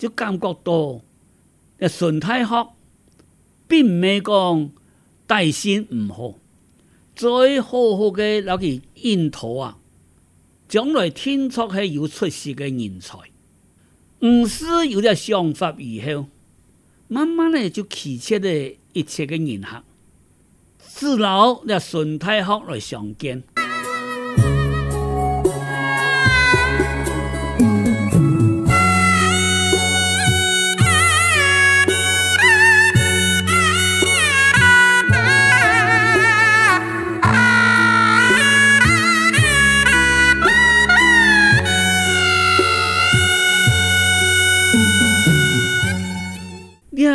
就感覺到，孫泰好並唔係講底線唔好，再好好嘅那個泥土啊，將來天出係有出息嘅人才，唔、嗯、是有了想法以後，慢慢咧就企出嚟，一切嘅人客，自然嘅順泰好來相見。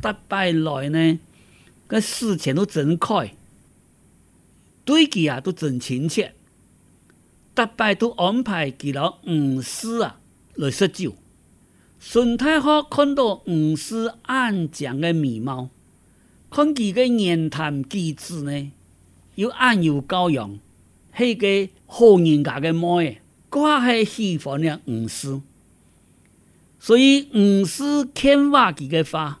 大擺來呢，個事情都真快，對佢啊都真親切。大伯都安排佮了、啊，吳四啊來施酒。孫太后看到吳四安詳的面貌，看佢嘅言談舉止呢，又安又高揚，係、那個好人家的妹，更加係喜歡呢吳四。所以吳四聽話佢個話。